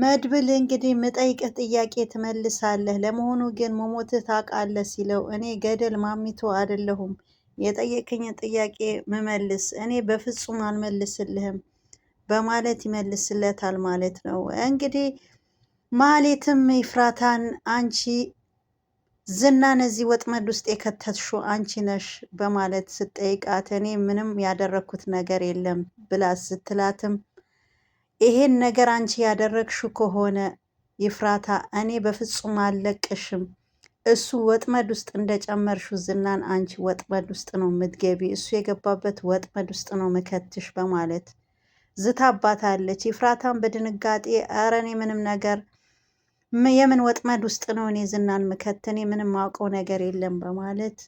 መድብል እንግዲህ ምጠይቅህ ጥያቄ ትመልሳለህ ለመሆኑ ግን መሞትህ ታውቃለህ ሲለው እኔ ገደል ማሚቶ አይደለሁም የጠየቅኝ ጥያቄ ምመልስ እኔ በፍጹም አልመልስልህም በማለት ይመልስለታል ማለት ነው። እንግዲህ ማህሌትም ይፍራታን አንቺ ዝናን እዚህ ወጥመድ ውስጥ የከተትሹ አንቺ ነሽ በማለት ስትጠይቃት እኔ ምንም ያደረግኩት ነገር የለም ብላ ስትላትም ይሄን ነገር አንቺ ያደረግሽ ከሆነ ይፍራታ፣ እኔ በፍጹም አልለቅሽም። እሱ ወጥመድ ውስጥ እንደጨመርሽው ዝናን አንቺ ወጥመድ ውስጥ ነው የምትገቢ፣ እሱ የገባበት ወጥመድ ውስጥ ነው ምከትሽ በማለት ዝታባታለች። ይፍራታን በድንጋጤ ኧረ እኔ ምንም ነገር የምን ወጥመድ ውስጥ ነው እኔ ዝናን ምከት፣ እኔ ምንም አውቀው ነገር የለም በማለት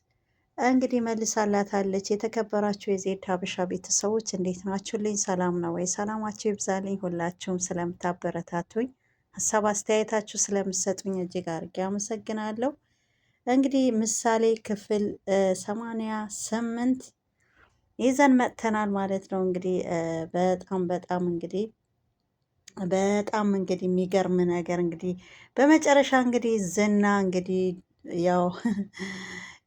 እንግዲህ መልሳላታለች። የተከበራችሁ የዜድ ሀበሻ ቤተሰቦች እንዴት ናችሁልኝ? ሰላም ነው ወይ? ሰላማችሁ ይብዛልኝ። ሁላችሁም ስለምታበረታቱኝ፣ ሀሳብ አስተያየታችሁ ስለምሰጡኝ እጅግ አድርጌ አመሰግናለሁ። እንግዲህ ምሳሌ ክፍል ሰማንያ ስምንት ይዘን መጥተናል ማለት ነው። እንግዲህ በጣም በጣም እንግዲህ በጣም እንግዲህ የሚገርም ነገር እንግዲህ በመጨረሻ እንግዲህ ዝና እንግዲህ ያው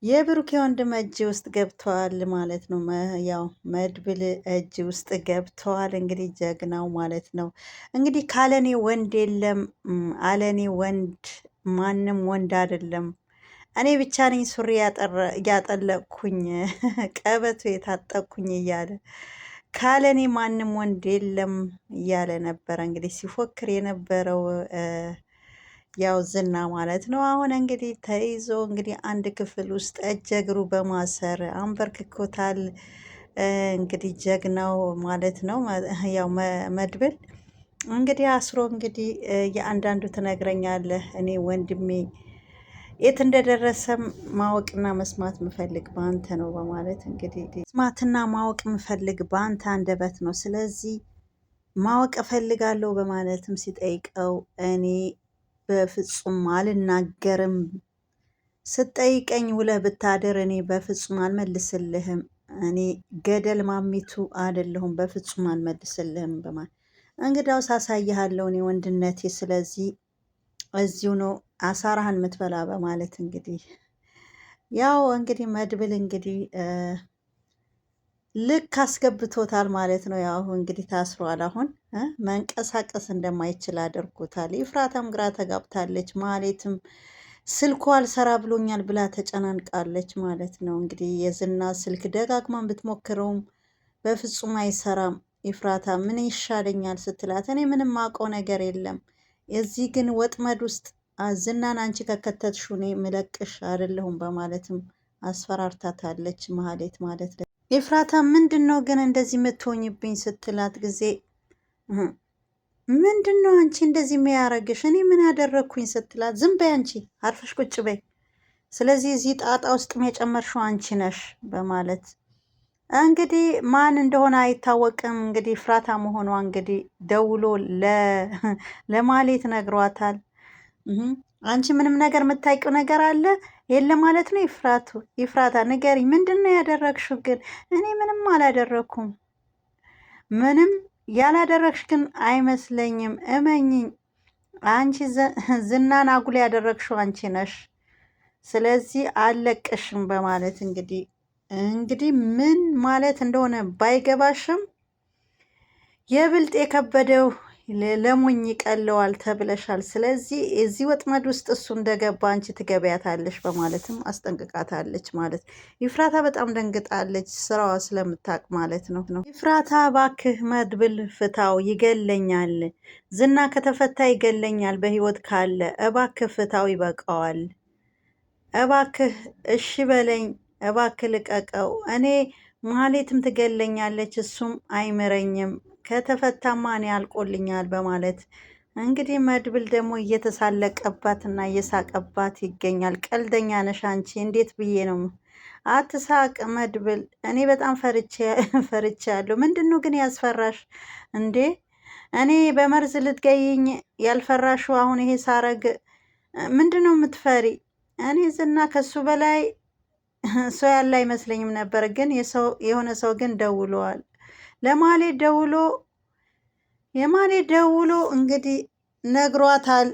የብሩኬ ወንድም እጅ ውስጥ ገብተዋል ማለት ነው። ያው መድብል እጅ ውስጥ ገብተዋል እንግዲህ ጀግናው ማለት ነው። እንግዲህ ካለኔ ወንድ የለም፣ አለኔ ወንድ ማንም ወንድ አይደለም፣ እኔ ብቻ ነኝ ሱሪ እያጠለቅኩኝ ቀበቶ የታጠቅኩኝ እያለ ካለኔ ማንም ወንድ የለም እያለ ነበረ እንግዲህ ሲፎክር የነበረው ያው ዝና ማለት ነው። አሁን እንግዲህ ተይዞ እንግዲህ አንድ ክፍል ውስጥ እጀ እግሩ በማሰር አንበርክኮታል። እንግዲህ ጀግናው ማለት ነው። ያው መድብል እንግዲህ አስሮ እንግዲህ የአንዳንዱ ትነግረኛለህ። እኔ ወንድሜ የት እንደደረሰ ማወቅና መስማት ምፈልግ በአንተ ነው በማለት እንግዲህ መስማትና ማወቅ ምፈልግ በአንተ አንደበት ነው። ስለዚህ ማወቅ እፈልጋለሁ በማለትም ሲጠይቀው እኔ በፍጹም አልናገርም። ስጠይቀኝ ውለህ ብታደር እኔ በፍጹም አልመልስልህም። እኔ ገደል ማሚቱ አይደለሁም፣ በፍጹም አልመልስልህም በማለት እንግዳው አሳይሃለሁ እኔ ወንድነቴ፣ ስለዚህ እዚሁ ነው አሳራህን የምትበላ በማለት እንግዲህ ያው እንግዲህ መድብል እንግዲህ ልክ አስገብቶታል ማለት ነው። ያው እንግዲህ ታስሯል። አሁን መንቀሳቀስ እንደማይችል አድርጎታል። ይፍራታም ግራ ተጋብታለች። ማለትም ስልኩ አልሰራ ብሎኛል ብላ ተጨናንቃለች ማለት ነው። እንግዲህ የዝና ስልክ ደጋግማን ብትሞክረውም በፍጹም አይሰራም። ይፍራታ ምን ይሻለኛል ስትላት እኔ ምንም አውቀው ነገር የለም የዚህ ግን ወጥመድ ውስጥ ዝናን አንቺ ከከተትሽ እኔ ምለቅሽ አይደለሁም በማለትም አስፈራርታታለች ማህሌት ማለት ነው። ኤፍራታ ምንድን ነው ግን እንደዚህ የምትሆኝብኝ ስትላት ጊዜ ምንድን ነው አንቺ እንደዚህ የሚያረግሽ እኔ ምን ያደረግኩኝ ስትላት ዝም በይ አንቺ አርፈሽ ቁጭ በይ ስለዚህ እዚህ ጣጣ ውስጥ የጨመርሽው አንቺ ነሽ በማለት እንግዲህ ማን እንደሆነ አይታወቅም። እንግዲህ ፍራታ መሆኗ እንግዲህ ደውሎ ለማሌት ነግሯታል። አንቺ ምንም ነገር የምታውቂው ነገር አለ የለ ማለት ነው። ይፍራቱ ይፍራታ ንገሪኝ፣ ምንድን ነው ያደረግሽው? ግን እኔ ምንም አላደረግኩም። ምንም ያላደረግሽ ግን አይመስለኝም። እመኝኝ፣ አንቺ ዝናን አጉል ያደረግሽው አንቺ ነሽ። ስለዚህ አለቀሽም በማለት እንግዲህ እንግዲህ ምን ማለት እንደሆነ ባይገባሽም የብልጥ የከበደው ለሞኝ ይቀለዋል ተብለሻል። ስለዚህ እዚህ ወጥመድ ውስጥ እሱ እንደገባ አንቺ ትገበያታለሽ በማለትም አስጠንቅቃታለች ማለት ይፍራታ በጣም ደንግጣለች፣ ስራዋ ስለምታቅ ማለት ነው ነው ይፍራታ ባክህ መድብል ፍታው፣ ይገለኛል። ዝና ከተፈታ ይገለኛል፣ በህይወት ካለ እባክህ ፍታው፣ ይበቃዋል። እባክህ እሺ በለኝ፣ እባክህ ልቀቀው። እኔ ማህሌትም ትገለኛለች፣ እሱም አይምረኝም ከተፈታማ ማን ያልቆልኛል በማለት እንግዲህ መድብል ደግሞ እየተሳለቀባት እና እየሳቀባት ይገኛል። ቀልደኛ ነሽ አንቺ እንዴት ብዬ ነው አትሳቅ መድብል፣ እኔ በጣም ፈርቼ ያለሁ። ምንድን ነው ግን ያስፈራሽ እንዴ? እኔ በመርዝ ልትገይኝ ያልፈራሹ? አሁን ይሄ ሳረግ ምንድን ነው የምትፈሪ? እኔ ዝና ከሱ በላይ ሰው ያለ አይመስለኝም ነበር፣ ግን የሆነ ሰው ግን ደውለዋል ለማሌ ደውሎ የማሌ ደውሎ እንግዲህ ነግሯታል።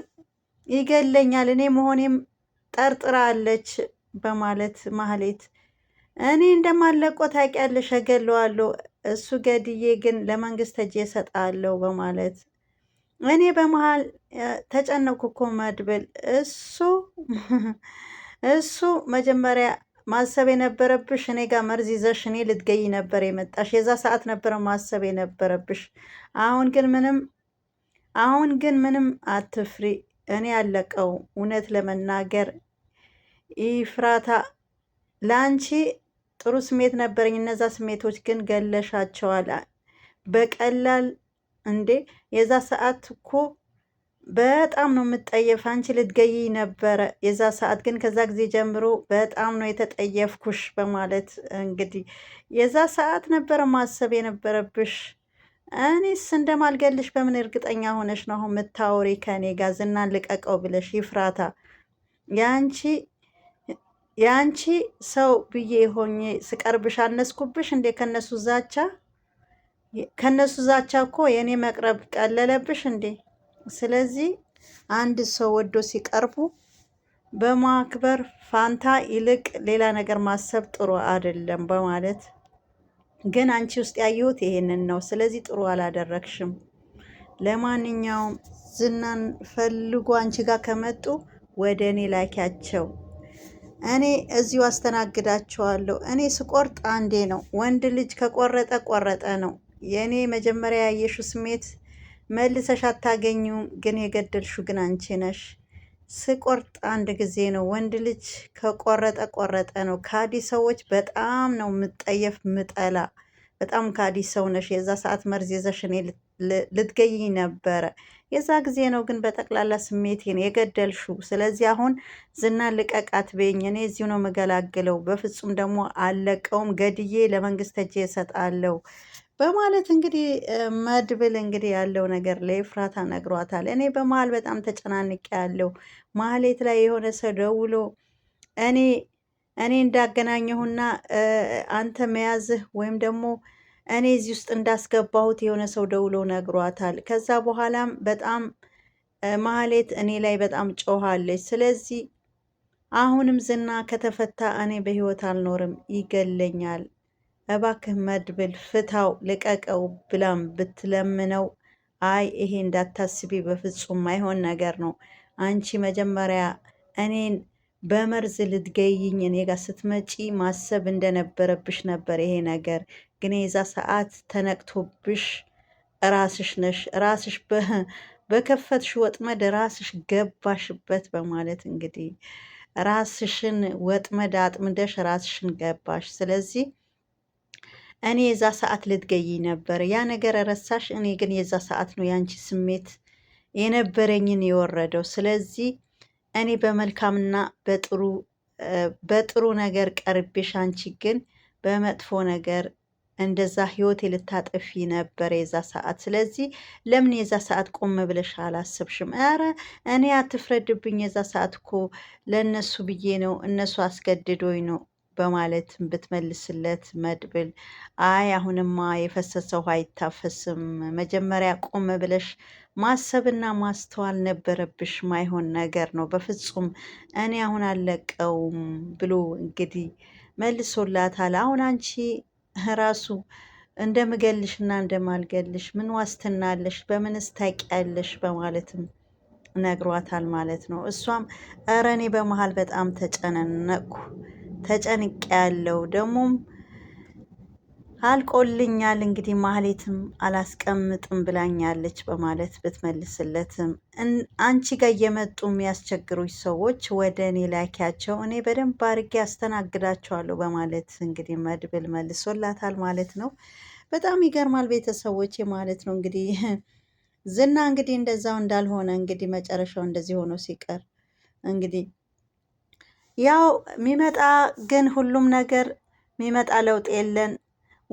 ይገለኛል እኔ መሆኔም ጠርጥራለች በማለት ማህሌት እኔ እንደማለቆ ታውቂያለሽ፣ እገለዋለሁ እሱ ገድዬ ግን ለመንግስት እጄ እሰጣለሁ በማለት እኔ በመሀል ተጨነኩ እኮ መድብል እሱ እሱ መጀመሪያ ማሰብ የነበረብሽ እኔ ጋር መርዝ ይዘሽ እኔ ልትገይ ነበር የመጣሽ። የዛ ሰዓት ነበረ ማሰብ የነበረብሽ። አሁን ግን ምንም አሁን ግን ምንም አትፍሪ፣ እኔ ያለቀው እውነት ለመናገር ኢፍራታ ለአንቺ ጥሩ ስሜት ነበረኝ። እነዛ ስሜቶች ግን ገለሻቸዋል በቀላል እንዴ! የዛ ሰዓት እኮ በጣም ነው የምትጠየፍ። አንቺ ልትገይ ነበረ የዛ ሰዓት ግን ከዛ ጊዜ ጀምሮ በጣም ነው የተጠየፍኩሽ በማለት እንግዲህ የዛ ሰዓት ነበረ ማሰብ የነበረብሽ። እኔስ እንደማልገልሽ በምን እርግጠኛ ሆነሽ ነው አሁን የምታወሪ ከኔ ጋር? ዝናን ልቀቀው ብለሽ ይፍራታ፣ የአንቺ የአንቺ ሰው ብዬ ሆኜ ስቀርብሽ አነስኩብሽ እንዴ? ከነሱ ዛቻ ከነሱ ዛቻ እኮ የእኔ መቅረብ ቀለለብሽ እንዴ? ስለዚህ አንድ ሰው ወዶ ሲቀርቡ በማክበር ፋንታ ይልቅ ሌላ ነገር ማሰብ ጥሩ አይደለም በማለት ግን አንቺ ውስጥ ያየሁት ይሄንን ነው። ስለዚህ ጥሩ አላደረግሽም። ለማንኛውም ዝናን ፈልጎ አንቺ ጋር ከመጡ ወደ እኔ ላኪያቸው፣ እኔ እዚሁ አስተናግዳቸዋለሁ። እኔ ስቆርጥ አንዴ ነው። ወንድ ልጅ ከቆረጠ ቆረጠ ነው። የእኔ መጀመሪያ ያየሽው ስሜት መልሰሽ አታገኙም። ግን የገደልሹ ግን አንቺ ነሽ። ስቆርጥ አንድ ጊዜ ነው። ወንድ ልጅ ከቆረጠ ቆረጠ ነው። ካዲ ሰዎች በጣም ነው ምጠየፍ ምጠላ። በጣም ካዲ ሰው ነሽ። የዛ ሰዓት መርዝ ይዘሽ እኔ ልትገይኝ ነበረ። የዛ ጊዜ ነው ግን በጠቅላላ ስሜቴ ነው የገደልሹ። ስለዚህ አሁን ዝና ልቀቃት አትበይኝ። እኔ እዚሁ ነው የምገላግለው። በፍጹም ደግሞ አለቀውም። ገድዬ ለመንግስት እጄ እሰጣለሁ። በማለት እንግዲህ መድብል እንግዲህ ያለው ነገር ለኤፍራታ ነግሯታል። እኔ በመሀል በጣም ተጨናንቄ ያለው ማህሌት ላይ የሆነ ሰው ደውሎ እኔ እኔ እንዳገናኘሁና አንተ መያዝህ ወይም ደግሞ እኔ እዚህ ውስጥ እንዳስገባሁት የሆነ ሰው ደውሎ ነግሯታል። ከዛ በኋላም በጣም ማህሌት እኔ ላይ በጣም ጮኋለች። ስለዚህ አሁንም ዝና ከተፈታ እኔ በህይወት አልኖርም፣ ይገለኛል እባክህ መድብል ፍታው፣ ልቀቀው ብላም ብትለምነው አይ ይሄ እንዳታስቢ በፍጹም አይሆን ነገር ነው። አንቺ መጀመሪያ እኔን በመርዝ ልትገይኝ እኔ ጋር ስትመጪ ማሰብ እንደነበረብሽ ነበር። ይሄ ነገር ግን የዛ ሰዓት ተነቅቶብሽ ራስሽ ነሽ ራስሽ በከፈትሽ ወጥመድ ራስሽ ገባሽበት በማለት እንግዲህ ራስሽን ወጥመድ አጥምደሽ ራስሽን ገባሽ። ስለዚህ እኔ የዛ ሰዓት ልትገይ ነበር ያ ነገር ረሳሽ። እኔ ግን የዛ ሰዓት ነው ያንቺ ስሜት የነበረኝን የወረደው። ስለዚህ እኔ በመልካምና በጥሩ በጥሩ ነገር ቀርቤሽ፣ አንቺ ግን በመጥፎ ነገር እንደዛ ህይወት ልታጠፊ ነበር የዛ ሰዓት። ስለዚህ ለምን የዛ ሰዓት ቆም ብለሽ አላሰብሽም? ኧረ እኔ አትፍረድብኝ። የዛ ሰዓት እኮ ለእነሱ ብዬ ነው እነሱ አስገድዶኝ ነው በማለት ብትመልስለት መድብል አይ አሁንማ የፈሰሰ ውሃ አይታፈስም፣ መጀመሪያ ቆም ብለሽ ማሰብና ማስተዋል ነበረብሽ፣ ማይሆን ነገር ነው በፍጹም እኔ አሁን አለቀው ብሎ እንግዲህ መልሶላታል። አሁን አንቺ ራሱ እንደምገልሽና እንደማልገልሽ ምን ዋስትና አለሽ? በምንስ ታውቂያለሽ? በማለትም ነግሯታል ማለት ነው። እሷም እረ እኔ በመሀል በጣም ተጨነነኩ። ተጨንቅ ያለው ደግሞም አልቆልኛል እንግዲህ ማህሌትም አላስቀምጥም ብላኛለች በማለት ብትመልስለትም አንቺ ጋር እየመጡ የሚያስቸግሩች ሰዎች ወደ እኔ ላኪያቸው፣ እኔ በደንብ አድርጌ አስተናግዳቸዋለሁ በማለት እንግዲህ መድብል መልሶላታል ማለት ነው። በጣም ይገርማል ቤተሰቦች ማለት ነው። እንግዲህ ዝና እንግዲህ እንደዛው እንዳልሆነ እንግዲህ መጨረሻው እንደዚህ ሆኖ ሲቀር እንግዲህ ያው የሚመጣ ግን ሁሉም ነገር የሚመጣ ለውጥ የለን።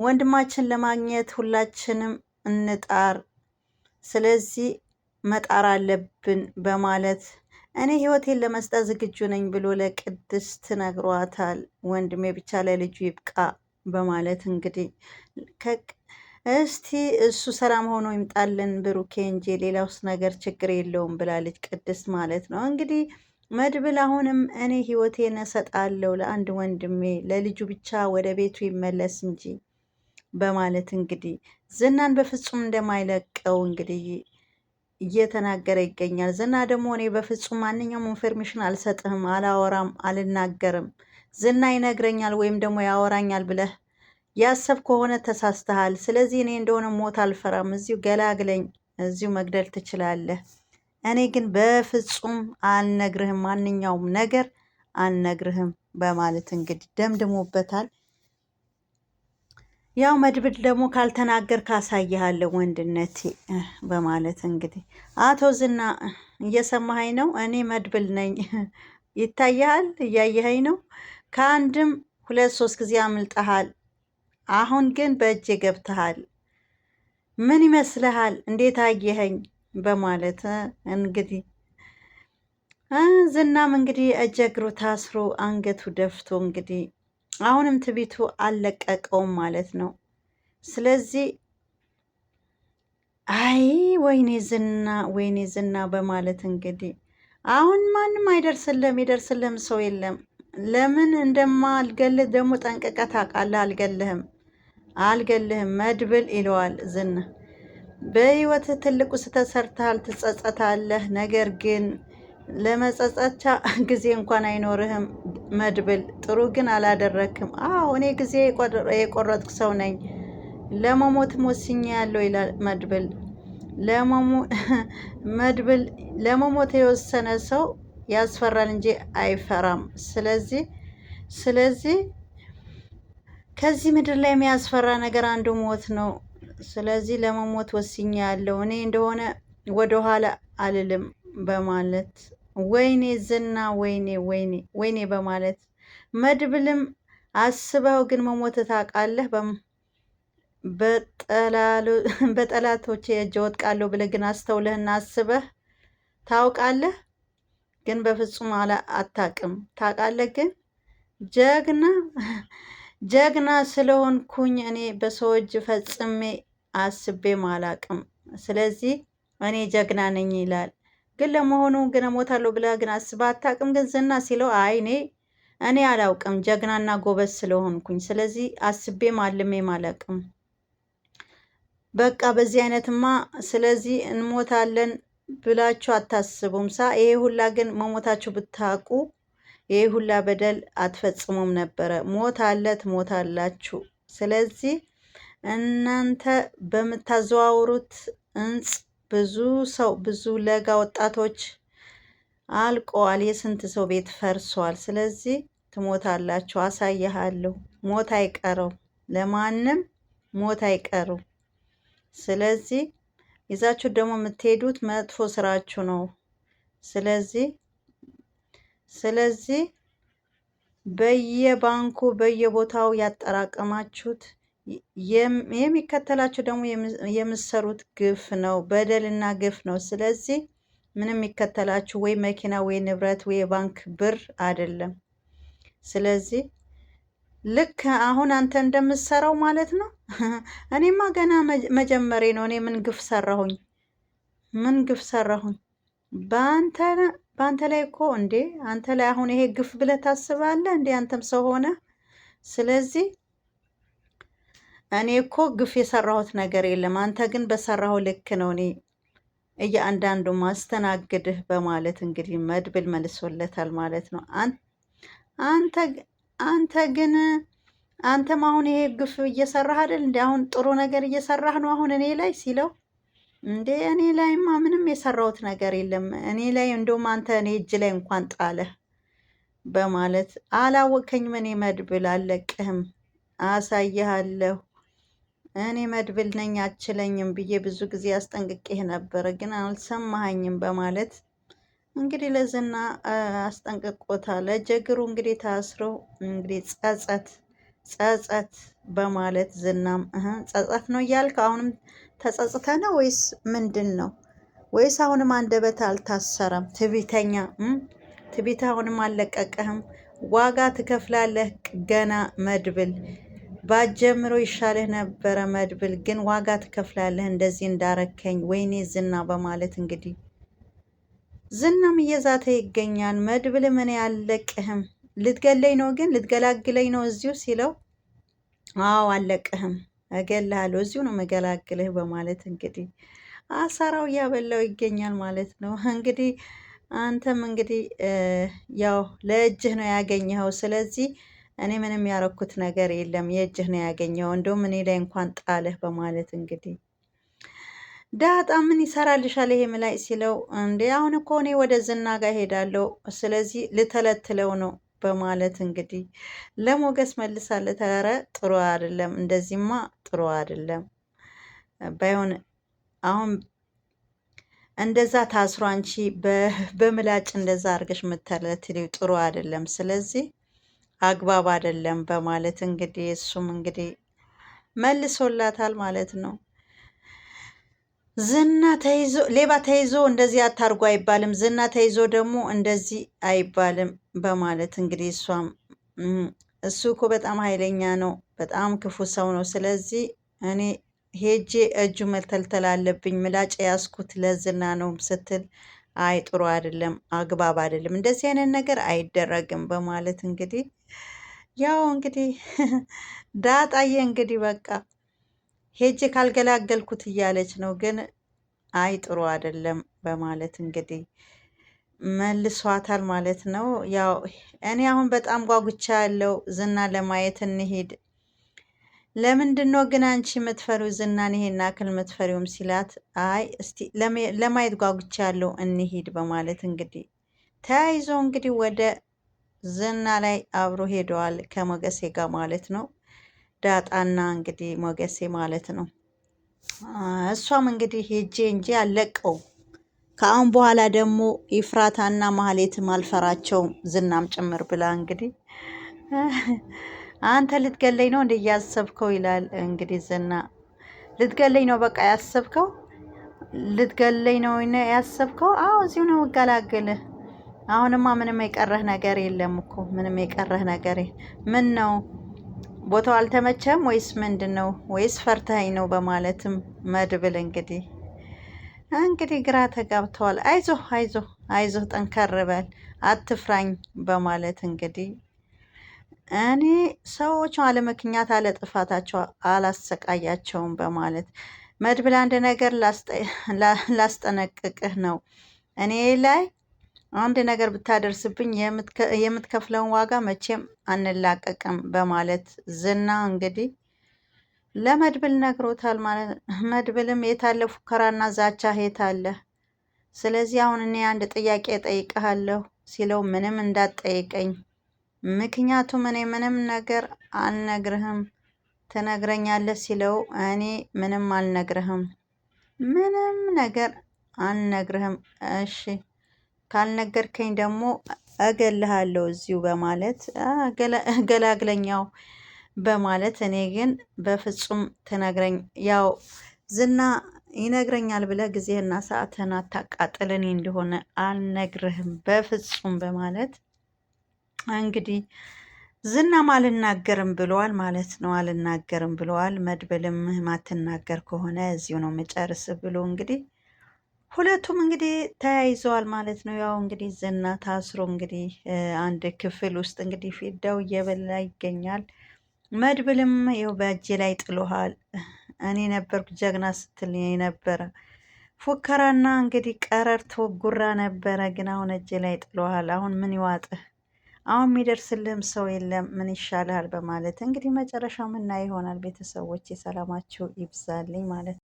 ወንድማችን ለማግኘት ሁላችንም እንጣር፣ ስለዚህ መጣር አለብን በማለት እኔ ህይወቴን ለመስጠት ዝግጁ ነኝ ብሎ ለቅድስት ነግሯታል። ወንድሜ ብቻ ለልጁ ይብቃ በማለት እንግዲህ እስቲ እሱ ሰላም ሆኖ ይምጣልን ብሩኬ እንጂ ሌላውስ ነገር ችግር የለውም ብላለች ቅድስት ማለት ነው እንግዲህ መድብል አሁንም እኔ ህይወቴን እሰጣለሁ ለአንድ ወንድሜ ለልጁ ብቻ ወደ ቤቱ ይመለስ እንጂ በማለት እንግዲህ ዝናን በፍጹም እንደማይለቀው እንግዲህ እየተናገረ ይገኛል። ዝና ደግሞ እኔ በፍጹም ማንኛውም ኢንፎርሜሽን አልሰጥህም፣ አላወራም፣ አልናገርም ዝና ይነግረኛል ወይም ደግሞ ያወራኛል ብለህ ያሰብ ከሆነ ተሳስተሃል። ስለዚህ እኔ እንደሆነ ሞት አልፈራም። እዚሁ ገላግለኝ፣ እዚሁ መግደል ትችላለህ እኔ ግን በፍጹም አልነግርህም፣ ማንኛውም ነገር አልነግርህም በማለት እንግዲህ ደምድሞበታል። ያው መድብል ደግሞ ካልተናገር ካሳይሃለሁ ወንድነቴ በማለት እንግዲህ አቶ ዝና እየሰማኸኝ ነው? እኔ መድብል ነኝ። ይታይሃል? እያየኸኝ ነው? ከአንድም ሁለት ሶስት ጊዜ አምልጠሃል። አሁን ግን በእጄ ገብተሃል። ምን ይመስልሃል? እንዴት አየኸኝ? በማለት እንግዲህ ዝናም እንግዲህ እጀ እግሩ ታስሮ አንገቱ ደፍቶ እንግዲህ አሁንም ትቢቱ አልለቀቀውም ማለት ነው። ስለዚህ አይ ወይኔ ዝና ወይኔ ዝና በማለት እንግዲህ አሁን ማንም አይደርስልም፣ ይደርስልም ሰው የለም። ለምን እንደማልገልህ ደግሞ ጠንቅቀህ ታውቃለህ። አልገልህም አልገልህም መድብል ይለዋል ዝና በህይወት ትልቁ ስተሰርታል ትጸጸታለህ። ነገር ግን ለመጸጸቻ ጊዜ እንኳን አይኖርህም። መድብል ጥሩ ግን አላደረክም። አዎ እኔ ጊዜ የቆረጥኩ ሰው ነኝ። ለመሞትም ያለው ይላል መድብል። መድብል ለመሞት የወሰነ ሰው ያስፈራል እንጂ አይፈራም። ስለዚህ ስለዚህ ከዚህ ምድር ላይ የሚያስፈራ ነገር አንዱ ሞት ነው። ስለዚህ ለመሞት ያለው እኔ እንደሆነ ወደኋላ አልልም በማለት ወይኔ ዝና ወይኔ ወይኔ ወይኔ በማለት መድብልም አስበው ግን መሞት ታውቃለህ በጠላቶቼ እጅ ወጥቃለሁ ብለህ ግን አስተውለህና አስበህ ታውቃለህ? ግን በፍጹም አታውቅም። ታውቃለህ ግን ጀግና ጀግና ስለሆንኩኝ እኔ በሰው እጅ ፈጽሜ አስቤም አላቅም። ስለዚህ እኔ ጀግና ነኝ ይላል። ግን ለመሆኑ ግን እሞታለሁ ብላ ግን አስባ አታቅም። ግን ዝና ሲለው አይ እኔ እኔ አላውቅም ጀግናና ጎበዝ ስለሆንኩኝ፣ ስለዚህ አስቤም አልሜም አላቅም። በቃ በዚህ አይነትማ ስለዚህ እንሞታለን ብላችሁ አታስቡም ሳ ይሄ ሁላ ግን መሞታችሁ ብታውቁ ይሄ ሁላ በደል አትፈጽሙም ነበረ። ሞት አለ ትሞታላችሁ። ስለዚህ እናንተ በምታዘዋውሩት እንጽ ብዙ ሰው ብዙ ለጋ ወጣቶች አልቀዋል። የስንት ሰው ቤት ፈርሷል። ስለዚህ ትሞታላችሁ፣ አሳይሃለሁ። ሞት አይቀረው ለማንም ሞት አይቀረው። ስለዚህ ይዛችሁ ደግሞ የምትሄዱት መጥፎ ስራችሁ ነው። ስለዚህ ስለዚህ በየባንኩ በየቦታው ያጠራቀማችሁት የሚከተላቸው ደግሞ የምሰሩት ግፍ ነው፣ በደልና ግፍ ነው። ስለዚህ ምንም የሚከተላችሁ ወይ መኪና ወይ ንብረት ወይ የባንክ ብር አይደለም። ስለዚህ ልክ አሁን አንተ እንደምትሰራው ማለት ነው። እኔማ ገና መጀመሬ ነው። እኔ ምን ግፍ ሰራሁኝ? ምን ግፍ ሰራሁኝ? በአንተ ላይ እኮ እንዴ! አንተ ላይ አሁን ይሄ ግፍ ብለህ ታስባለህ እንዴ? አንተም ሰው ሆነ ስለዚህ እኔ እኮ ግፍ የሰራሁት ነገር የለም፣ አንተ ግን በሰራሁ ልክ ነው እኔ እያንዳንዱ ማስተናግድህ በማለት እንግዲህ መድብል መልሶለታል ማለት ነው። አንተ ግን አንተም አሁን ይሄ ግፍ እየሰራህ አይደል እንደ አሁን ጥሩ ነገር እየሰራህ ነው አሁን እኔ ላይ ሲለው እንዴ እኔ ላይማ ምንም የሰራሁት ነገር የለም እኔ ላይ እንደውም አንተ እኔ እጅ ላይ እንኳን ጣለህ በማለት አላወቀኝም እኔ መድብል አልለቅህም አሳይሃለሁ እኔ መድብል ነኝ አችለኝም ብዬ ብዙ ጊዜ አስጠንቅቄህ ነበረ፣ ግን አልሰማኸኝም በማለት እንግዲህ ለዝና አስጠንቅቆታ ለጀግሩ እንግዲህ ታስሮ እንግዲህ ጸጸት ጸጸት በማለት ዝናም ጸጸት ነው እያልክ አሁንም ተጸጽተ ነው ወይስ ምንድን ነው? ወይስ አሁንም አንደበት አልታሰረም? ትቢተኛ ትቢት አሁንም አልለቀቀህም። ዋጋ ትከፍላለህ ገና መድብል ባጀምሮ ይሻልህ ነበረ መድብል፣ ግን ዋጋ ትከፍላለህ እንደዚህ እንዳረከኝ፣ ወይኔ ዝና በማለት እንግዲህ ዝናም እየዛተ ይገኛል። መድብል ምን ያለቅህም ልትገለኝ ነው ግን ልትገላግለኝ ነው እዚሁ ሲለው፣ አዎ አለቅህም እገልሃለሁ፣ እዚሁ ነው መገላግልህ በማለት እንግዲህ አሳራው እያበላው ይገኛል ማለት ነው እንግዲህ አንተም እንግዲህ ያው ለእጅህ ነው ያገኘኸው ስለዚህ እኔ ምንም ያረኩት ነገር የለም የእጅህ ነው ያገኘው፣ እንደውም እኔ ላይ እንኳን ጣልህ በማለት እንግዲህ ዳጣ ምን ይሰራልሻል ይሄ ምላጭ ሲለው፣ እንደ አሁን እኮ እኔ ወደ ዝና ጋር ሄዳለሁ፣ ስለዚህ ልተለትለው ነው በማለት እንግዲህ ለሞገስ መልሳለት፣ ኧረ ጥሩ አይደለም እንደዚህማ ጥሩ አይደለም ባይሆን አሁን እንደዛ ታስሮ አንቺ በምላጭ እንደዛ አድርገሽ ምተለትሌው ጥሩ አይደለም። ስለዚህ አግባብ አይደለም በማለት እንግዲህ እሱም እንግዲህ መልሶላታል ማለት ነው። ዝና ተይዞ ሌባ ተይዞ እንደዚህ አታርጎ አይባልም፣ ዝና ተይዞ ደግሞ እንደዚህ አይባልም በማለት እንግዲህ እሷም እሱ እኮ በጣም ኃይለኛ ነው፣ በጣም ክፉ ሰው ነው። ስለዚህ እኔ ሄጄ እጁ መተልተል አለብኝ፣ ምላጭ ያስኩት ለዝና ነው ስትል አይ ጥሩ አይደለም፣ አግባብ አይደለም፣ እንደዚህ አይነት ነገር አይደረግም በማለት እንግዲህ ያው እንግዲህ ዳጣዬ እንግዲህ በቃ ሄጅ ካልገላገልኩት እያለች ነው። ግን አይ ጥሩ አይደለም በማለት እንግዲህ መልሷታል ማለት ነው። ያው እኔ አሁን በጣም ጓጉቻ ያለው ዝና ለማየት እንሄድ። ለምንድን ነው ግን አንቺ የምትፈሪው ዝናን ይሄን አክል የምትፈሪውም ሲላት፣ አይ እስቲ ለማየት ጓጉቻ ያለው እንሂድ በማለት እንግዲህ ተያይዞ እንግዲህ ወደ ዝና ላይ አብሮ ሄደዋል ከሞገሴ ጋር ማለት ነው። ዳጣና እንግዲህ ሞገሴ ማለት ነው። እሷም እንግዲህ ሄጄ እንጂ አለቀው ከአሁን በኋላ ደግሞ ይፍራታና ማህሌትም አልፈራቸውም ዝናም ጭምር ብላ እንግዲህ አንተ ልትገለኝ ነው እንደ እያሰብከው ይላል እንግዲህ ዝና ልትገለኝ ነው በቃ ያሰብከው ልትገለኝ ነው ያሰብከው አዎ እዚሁ ነው እገላገልህ አሁንማ ምንም የቀረህ ነገር የለም እኮ ምንም የቀረህ ነገር ምን ነው ቦታው አልተመቸም ወይስ ምንድን ነው ወይስ ፈርተኸኝ ነው በማለትም መድብል እንግዲህ እንግዲህ ግራ ተጋብተዋል አይዞህ አይዞህ አይዞህ ጠንከር በል አትፍራኝ በማለት እንግዲህ እኔ ሰዎች አለመክኛት አለ ጥፋታቸው አላሰቃያቸውም በማለት መድብል አንድ ነገር ላስጠነቅቅህ ነው። እኔ ላይ አንድ ነገር ብታደርስብኝ የምትከፍለውን ዋጋ መቼም አንላቀቅም በማለት ዝና እንግዲህ ለመድብል ነግሮታል ማለት መድብልም የታለ ፉከራና ዛቻ የታለ? ስለዚህ አሁን እኔ አንድ ጥያቄ ጠይቀሃለሁ ሲለው ምንም እንዳትጠይቀኝ ምክንያቱም እኔ ምንም ነገር አልነግርህም ትነግረኛለህ ሲለው እኔ ምንም አልነግርህም ምንም ነገር አልነግርህም እሺ ካልነገርከኝ ደግሞ እገልሃለሁ እዚሁ በማለት እገላግለኛው በማለት እኔ ግን በፍጹም ትነግረኝ ያው ዝና ይነግረኛል ብለህ ጊዜህና ሰዓትህን አታቃጥል እንደሆነ አልነግርህም በፍጹም በማለት እንግዲህ ዝናም አልናገርም ብለዋል ማለት ነው። አልናገርም ብለዋል። መድብልም ማትናገር ከሆነ እዚሁ ነው መጨርስ ብሎ እንግዲህ ሁለቱም እንግዲህ ተያይዘዋል ማለት ነው። ያው እንግዲህ ዝና ታስሮ እንግዲህ አንድ ክፍል ውስጥ እንግዲህ ፊዳው እየበላ ይገኛል። መድብልም ይኸው በእጅ ላይ ጥሎሃል፣ እኔ ነበርኩ ጀግና ስትል የነበረ ፉከራና እንግዲህ ቀረርቶ ጉራ ነበረ፣ ግን አሁን እጅ ላይ ጥሎሃል። አሁን ምን ይዋጥህ አሁን የሚደርስልህም ሰው የለም ምን ይሻልሃል? በማለት እንግዲህ መጨረሻው ምን ይሆናል። ቤተሰቦች የሰላማችሁ ይብዛልኝ ማለት ነው።